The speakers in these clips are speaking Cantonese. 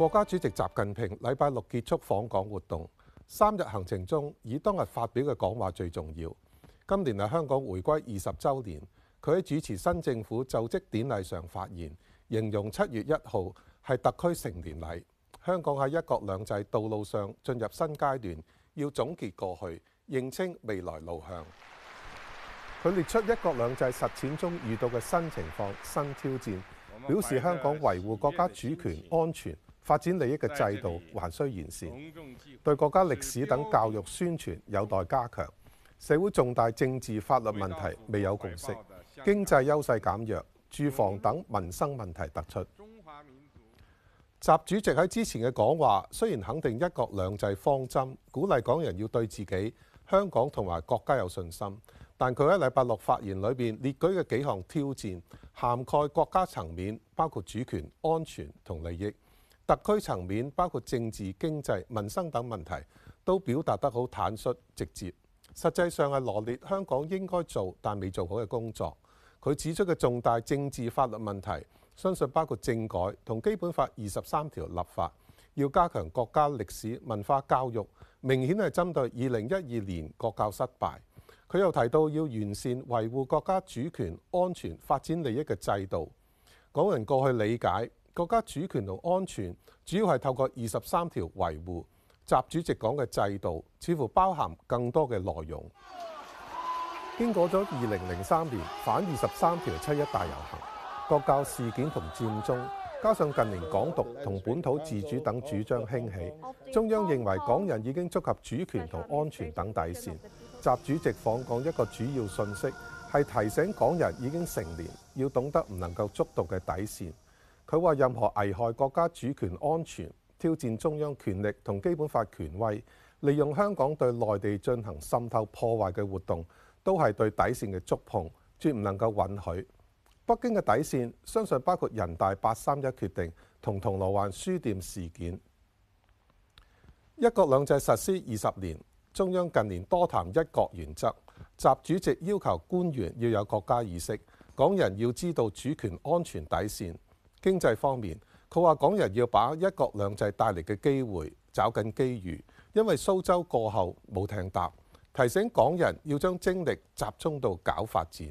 國家主席習近平禮拜六結束訪港活動，三日行程中以當日發表嘅講話最重要。今年係香港回歸二十週年，佢喺主持新政府就職典禮上發言，形容七月一號係特區成年禮，香港喺一國兩制道路上進入新階段，要總結過去，認清未來路向。佢 列出一國兩制實踐中遇到嘅新情況、新挑戰，表示香港維護國家主權安全、發展利益嘅制度還需完善，對國家歷史等教育宣傳有待加強。社會重大政治法律問題未有共識，經濟優勢減弱，住房等民生問題突出。習主席喺之前嘅講話雖然肯定一國兩制方針，鼓勵港人要對自己香港同埋國家有信心，但佢喺禮拜六發言裏面列舉嘅幾項挑戰，涵蓋國家層面，包括主權、安全同利益。特區層面包括政治、經濟、民生等問題，都表達得好坦率、直接。實際上係羅列香港應該做但未做好嘅工作。佢指出嘅重大政治法律問題，相信包括政改同基本法二十三條立法，要加強國家歷史文化教育，明顯係針對二零一二年國教失敗。佢又提到要完善維護國家主權、安全、發展利益嘅制度。港人過去理解國家主權同安全主要係透過二十三條維護。習主席講嘅制度，似乎包含更多嘅內容。經過咗二零零三年反二十三條七一大遊行、國教事件同佔中，加上近年港獨同本土自主等主張興起，中央認為港人已經觸及主權同安全等底線。習主席訪港一個主要訊息係提醒港人已經成年，要懂得唔能夠觸動嘅底線。佢話：任何危害國家主權安全、挑戰中央權力同基本法權威、利用香港對內地進行滲透破壞嘅活動，都係對底線嘅觸碰，絕唔能夠允許。北京嘅底線相信包括人大八三一決定同銅鑼灣書店事件。一國兩制實施二十年，中央近年多談一國原則，習主席要求官員要有國家意識，港人要知道主權安全底線。經濟方面，佢話港人要把一國兩制帶嚟嘅機會找緊機遇，因為蘇州過後冇艇搭，提醒港人要將精力集中到搞發展。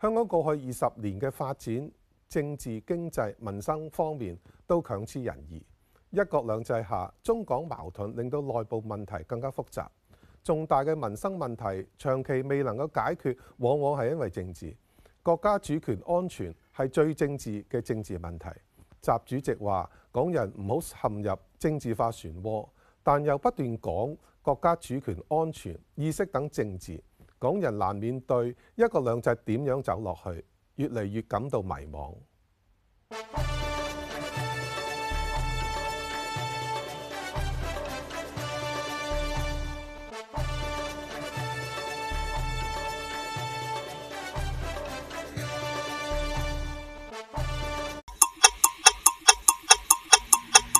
香港過去二十年嘅發展，政治、經濟、民生方面都差強人意。一國兩制下，中港矛盾令到內部問題更加複雜，重大嘅民生問題長期未能夠解決，往往係因為政治。國家主權安全係最政治嘅政治問題。習主席話：港人唔好陷入政治化漩渦，但又不斷講國家主權安全意識等政治，港人難免對一國兩制點樣走落去，越嚟越感到迷茫。